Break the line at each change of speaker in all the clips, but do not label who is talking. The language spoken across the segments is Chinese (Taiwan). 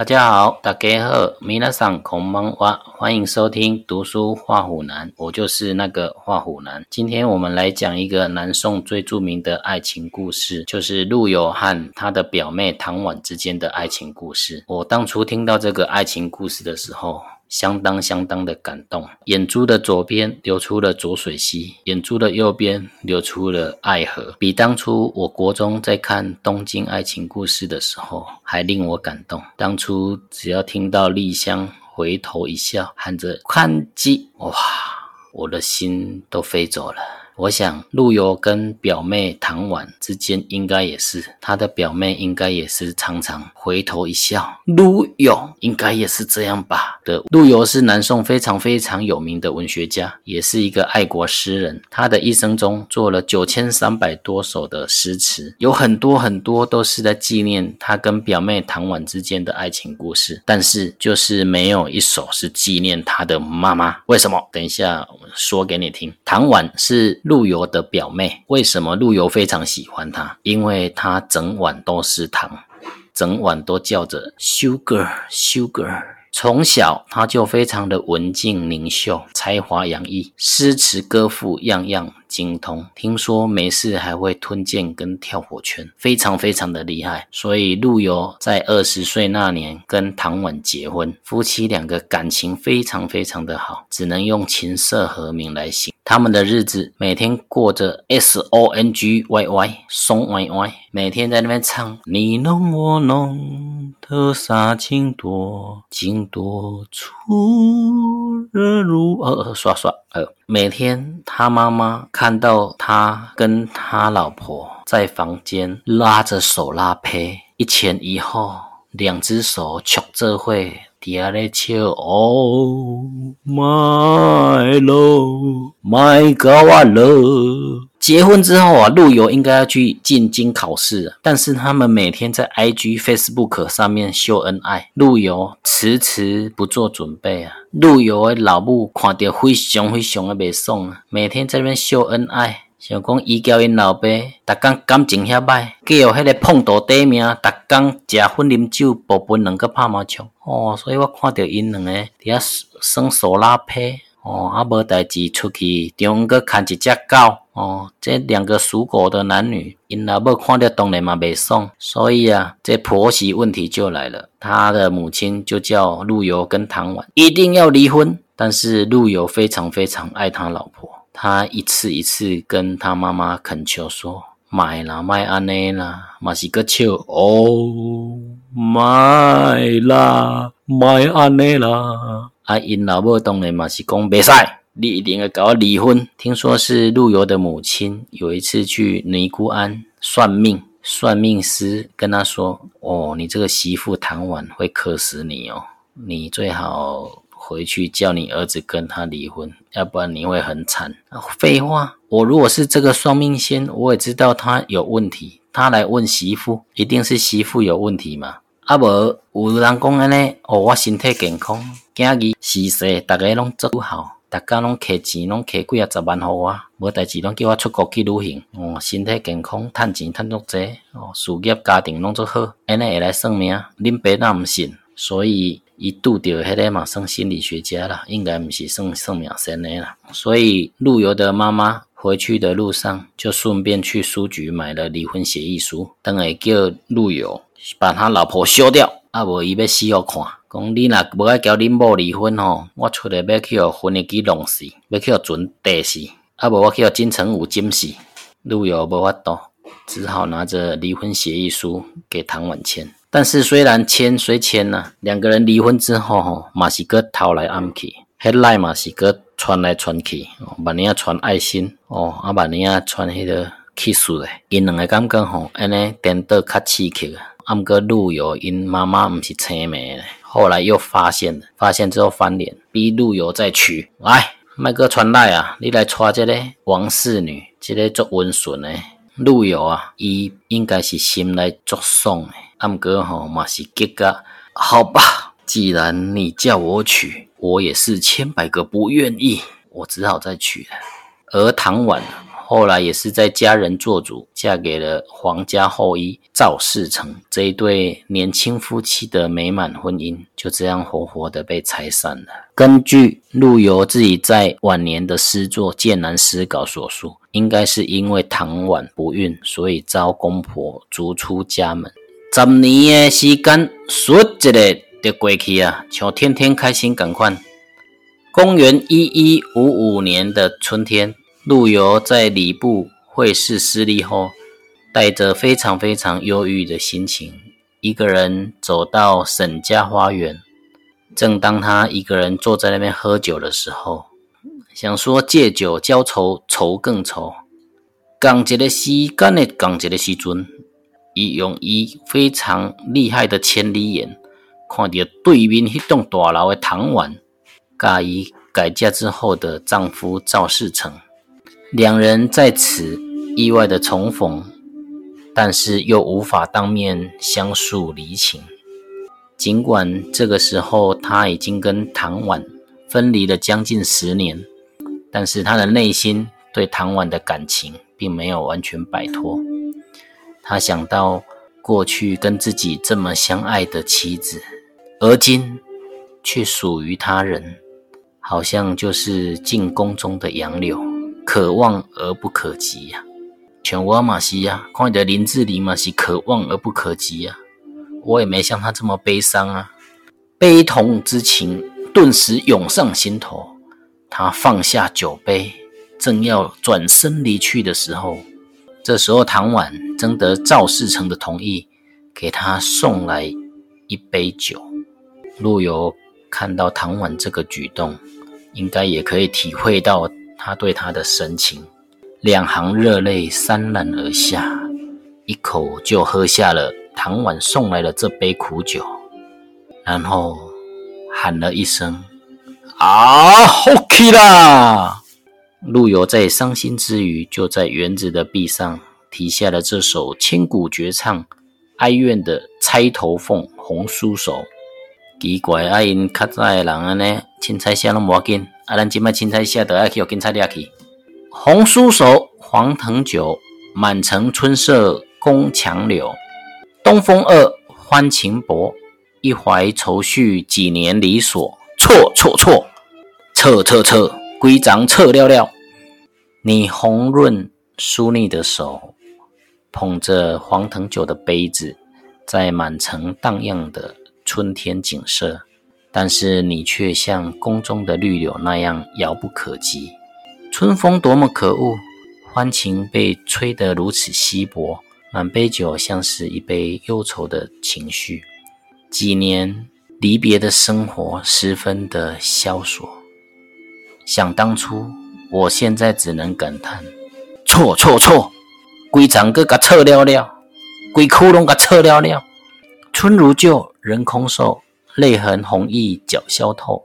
大家好，大家好，米娜桑孔孟哇，歡迎收聽讀書畫虎難，我就是那個畫虎難。今天我們來講一個南宋最著名的愛情故事，就是陸游和他的表妹唐婉之間的愛情故事。我當初聽到這個愛情故事的時候，相當相當的感動，眼珠的左邊流出了濁水溪，眼珠的右邊流出了愛河，比當初我國中在看《東京愛情故事》的時候還令我感動。當初只要聽到莉香回頭一笑，喊着“完治”，哇，我的心都飛走了。我想陸游跟表妹唐婉之間應該也是，他的表妹應該也是常常回頭一笑，陸游應該也是這樣吧。陸游是南宋非常非常有名的文學家，也是一個愛國詩人。他的一生中做了九千三百多首的詩詞，有很多很多都是在紀念他跟表妹唐婉之間的愛情故事。但是就是沒有一首是紀念他的媽媽。為什麼？等一下我說給你聽。唐婉是陸游的表妹，為什麼陸游非常喜歡她？因為她整晚都是唐，整晚都叫着 Sugar Sugar。從小，他就非常的文靜靈秀，才華洋溢，詩詞歌賦樣樣。精通，聽說沒事還會吞劍跟跳火圈，非常非常的厲害。所以陸游在二十歲那年跟唐婉結婚，夫妻兩個感情非常非常的好，只能用琴瑟和鳴來形容。他們的日子每天過着 S O N G Y Y，松歪歪，每天在那邊唱你儂我儂的，情多情多處。如呃刷刷呃，每天他媽媽看到他跟他老婆在房間拉着手拉胚，一前一後，兩只手搶這會，底下咧笑哦，My love，My God，我勒。結婚之後啊，陸遊應該要去進京考試了，但是他們每天在 I G、Facebook 上面秀恩愛，陸遊遲遲不做準備啊。陸遊的老母看到非常非常的不爽，啊，每天在那邊秀恩愛，想講伊交伊老爸，逐天感情遐歹，計叫迄個碰頭短命，逐天食薰啉酒，博分兩個拍麻將哦。所以我看到因兩個佇遐耍耍手拉皮哦，啊無代誌出去，中雲閣牽一隻狗。哦，這兩個屬狗的男女，因老母看着當然嘛袂爽，所以啊，這婆媳問題就來了。他的母親就叫陸遊跟唐婉一定要離婚，但是陸遊非常非常愛他老婆，他一次一次跟他媽媽懇求說：買啦，買安尼啦，嘛是個笑。哦，買啦，買安尼啦，啊，因老母當然嘛是講袂使。你一定要跟我離婚。聽說是陸游的母親有一次去尼姑庵算命，算命師跟他說：“哦，你這個媳婦唐婉會克死你哦，你最好回去叫你兒子跟她離婚，要不然你會很慘。哦”廢話，我如果是這個算命仙，我也知道他有問題。他來問媳婦，一定是媳婦有問題嘛？啊不，無有人講安尼，哦，我身體健康，今日事事，大家攏做好。逐家攏摕錢，攏摕幾啊十萬塊，無代志攏叫我出國去旅行、哦，身體健康，趁錢趁足濟，事、哦、業家庭攏做好，安尼會來算命，恁爸那毋信，所以伊拄到迄個嘛算心理學家啦，應該毋是算算命先生啦。所以陸游的媽媽回去的路上，就順便去書局買了離婚協議書，等下叫陸游把他老婆休掉。啊無，伊要死哦！看，講你若無愛交恁某離婚吼，我出來要去互婚的機弄死，要去互船跌死。啊無，我去互金城武驚喜，女友無法度，只好拿着離婚協議書給唐婉簽。但是雖然簽，雖簽啊，兩個人離婚之後吼，嘛是過偷來暗去，迄來嘛是過傳來傳去，哦，萬呢啊傳愛心哦，啊萬呢啊傳迄個 kiss 的因兩個感覺吼，安尼顛倒較刺激。暗哥陸遊因媽媽唔是青梅，後來又發現了，發現之後翻臉，逼陸遊再娶。來，麥哥傳來啊，你來娶這個王氏女，這個做溫順的陸遊啊，伊應該是心內作爽。暗哥吼，嘛是吉個？好吧，既然你叫我娶，我也是千百個不願意，我只好再娶了。而唐婉。後來也是在家人做主，嫁給了皇家後裔趙世成。這一對年輕夫妻的美滿婚姻就這樣活活的被拆散了。根據陸游自己在晚年的詩作《劍南詩稿》所述，應該是因為唐婉不孕，所以遭公婆逐出家門。十年的時間，說這裡就過去啊，求天天開心，趕快。公元一一五五年的春天。陸游在禮部會試失利後，帶着非常非常憂鬱的心情，一個人走到沈家花園。正當他一個人坐在那邊喝酒的時候，想說借酒澆愁，愁更愁。同一個時間的同一個時陣，伊用伊非常厲害的千里眼，看着對面一棟大樓的唐婉，甲伊改嫁之後的丈夫趙士程。兩人在此意外的重逢，但是又無法當面相訴離情。儘管這個時候他已經跟唐婉分離了將近十年，但是他的內心對唐婉的感情並沒有完全擺脫。他想到過去跟自己這麼相愛的妻子，而今卻屬於他人，好像就是禁宮中的楊柳。可望而不可及呀、啊，全阿馬西亞，怪不得林志玲嘛西可望而不可及呀、啊。我也沒像他這麼悲傷啊，悲痛之情頓時湧上心頭。他放下酒杯，正要轉身離去的時候，這時候唐婉徵得趙世成的同意，給他送來一杯酒。陸游看到唐婉這個舉動，應該也可以體會到。他對他的神情，兩行熱淚潸然而下，一口就喝下了唐婉送來的這杯苦酒，然後喊了一聲：“啊，好起啦！”陸遊在傷心之餘，就在園子的壁上題下了這首千古絕唱《哀怨的釵頭鳳》，紅酥手，奇怪啊，因較早的人按呢，凊彩寫攏啊！咱今賣青菜下得下去，跟菜得下去。紅酥手，黃藤酒，滿城春色宮牆柳。東風惡，歡情薄，一懷愁緒，幾年離索。錯錯錯，徹徹徹，歸章徹了了。你紅潤、酥膩的手，捧着黃藤酒的杯子，在滿城蕩漾的春天景色。但是你卻像宮中的綠柳那樣遙不可及，春風多麼可惡，歡情被吹得如此稀薄，滿杯酒像是一杯憂愁的情緒。幾年離別的生活十分的蕭索，想當初，我現在只能感嘆：錯錯錯！歸長哥給扯了了，歸窟窿個扯了了。春如舊，人空瘦。淚痕紅浥鮫綃透，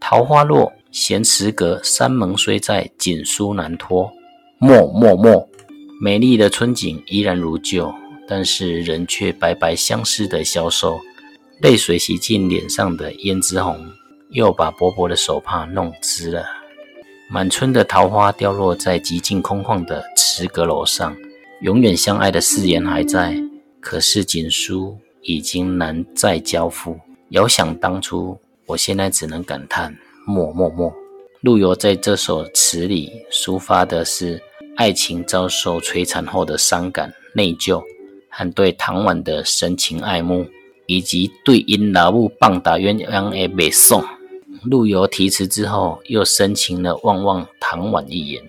桃花落，閑池閣。山盟雖在，錦書難托。莫莫莫！美麗的春景依然如舊，但是人卻白白相思的消瘦。淚水洗盡臉上的胭脂紅，又把薄薄的手帕弄濕了。滿春的桃花凋落在極盡空曠的池閣樓上，永遠相愛的誓言還在，可是錦書已經難再交付。遙想當初，我現在只能感嘆：莫莫莫。陸游在這首詞裡抒發的是愛情遭受摧殘後的傷感、內疚，和對唐婉的深情愛慕，以及對因老母棒打鴛鴦而北送。陸游題詞之後，又深情地望望唐婉一眼，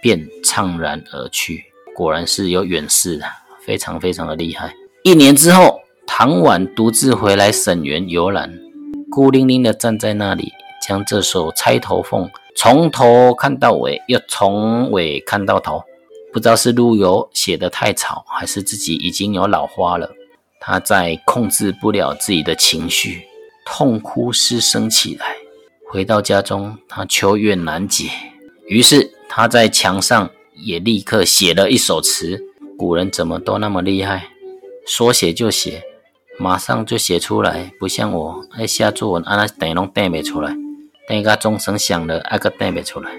便悵然而去。果然是有遠視的，非常非常的厲害。一年之後，唐婉獨自回來沈園遊覽，孤零零地站在那裡，將這首《釵頭鳳》從頭看到尾，又從尾看到頭。不知道是陸游寫的太草，還是自己已經有老花了，他在控制不了自己的情緒，痛哭失聲起來。回到家中，他愁怨難解，於是他在牆上也立刻寫了一首詞。古人怎麼都那麼厲害，說寫就寫。馬上就寫出來，不像我愛寫作文，啊那訂弄訂未出來，一到鐘聲響了，還個訂沒出來。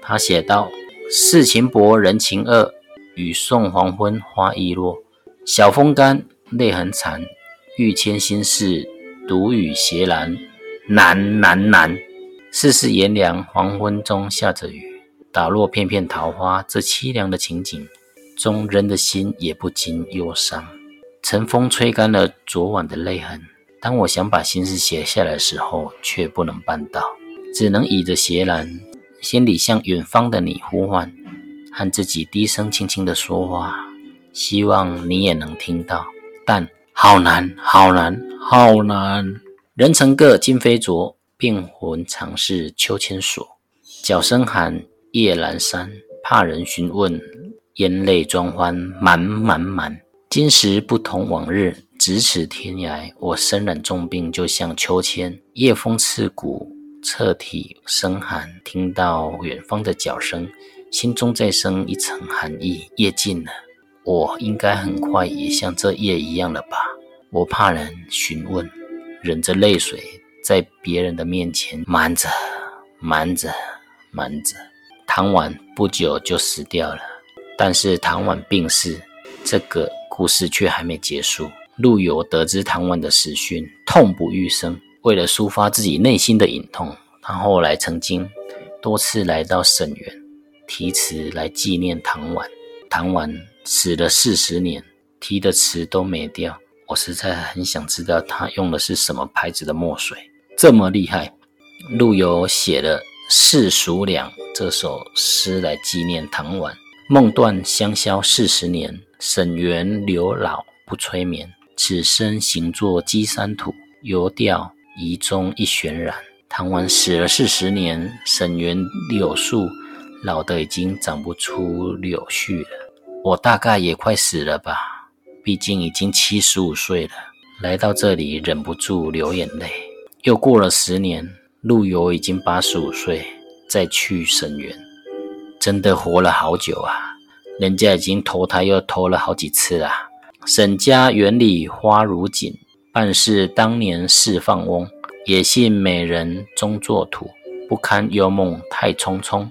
他寫道：“世情薄，人情惡，雨送黃昏花易落。曉風乾，淚痕殘，欲箋心事，獨語斜闌。難難難！世事炎涼，黃昏中下着雨，打落片片桃花，這淒涼的情景中，人的心也不禁憂傷。”晨風吹乾了昨晚的淚痕。當我想把心事寫下來的時候，卻不能辦到，只能倚着斜欄，心裡向遠方的你呼喚，和自己低聲輕輕的說話，希望你也能聽到。但好難，好難，好難。人成各，今非昨，病魂常似秋千索。角聲寒，夜闌珊，怕人尋問，咽淚裝歡，瞞瞞瞞。今時不同往日，咫尺天涯。我身染重病，就像秋千，夜風刺骨，徹體生寒。聽到遠方的腳聲，心中再生一層寒意。夜盡了，我應該很快也像這夜一樣了吧？我怕人詢問，忍着淚水，在別人的面前瞞着、瞞着、瞞着。唐婉不久就死掉了，但是唐婉病逝，這個。故事卻還沒結束。陸游得知唐婉的死訊，痛不欲生。為了抒發自己內心的隱痛，他後來曾經多次來到沈園，題詞來紀念唐婉。唐婉死了四十年，題的詞都沒掉。我實在很想知道他用的是什麼牌子的墨水，這麼厲害。陸游寫了四《世俗兩這首詩來紀念唐婉，夢斷香消四十年。”沈園柳老不吹綿，此身行作稽山土，猶弔遺蹤一泫然。唐婉死了四十年，沈園柳樹老得已經長不出柳絮了。我大概也快死了吧，畢竟已經七十五歲了。來到這裡，忍不住流眼淚。又過了十年，陸游已經八十五歲，再去沈園，真的活了好久啊。人家已經投胎又投了好幾次了。沈家園裡花如錦，半是當年識放翁。也信美人終作土，不堪幽夢太匆匆。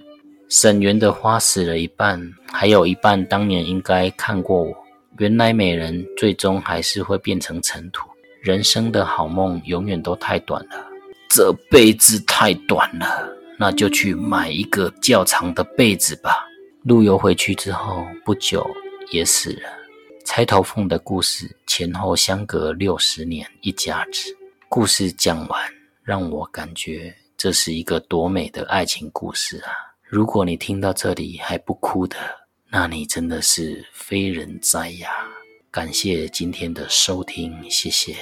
沈園的花死了一半，還有一半當年應該看過我。原來美人最終還是會變成塵土。人生的好夢永遠都太短了，這輩子太短了，那就去買一個較長的被子吧。陸遊回去之後不久，也死了。釵頭鳳的故事前後相隔六十年，一甲子故事講完，讓我感覺這是一個多美的愛情故事啊！如果你聽到這裡還不哭的，那你真的是非人哉呀！感謝今天的收聽，謝謝。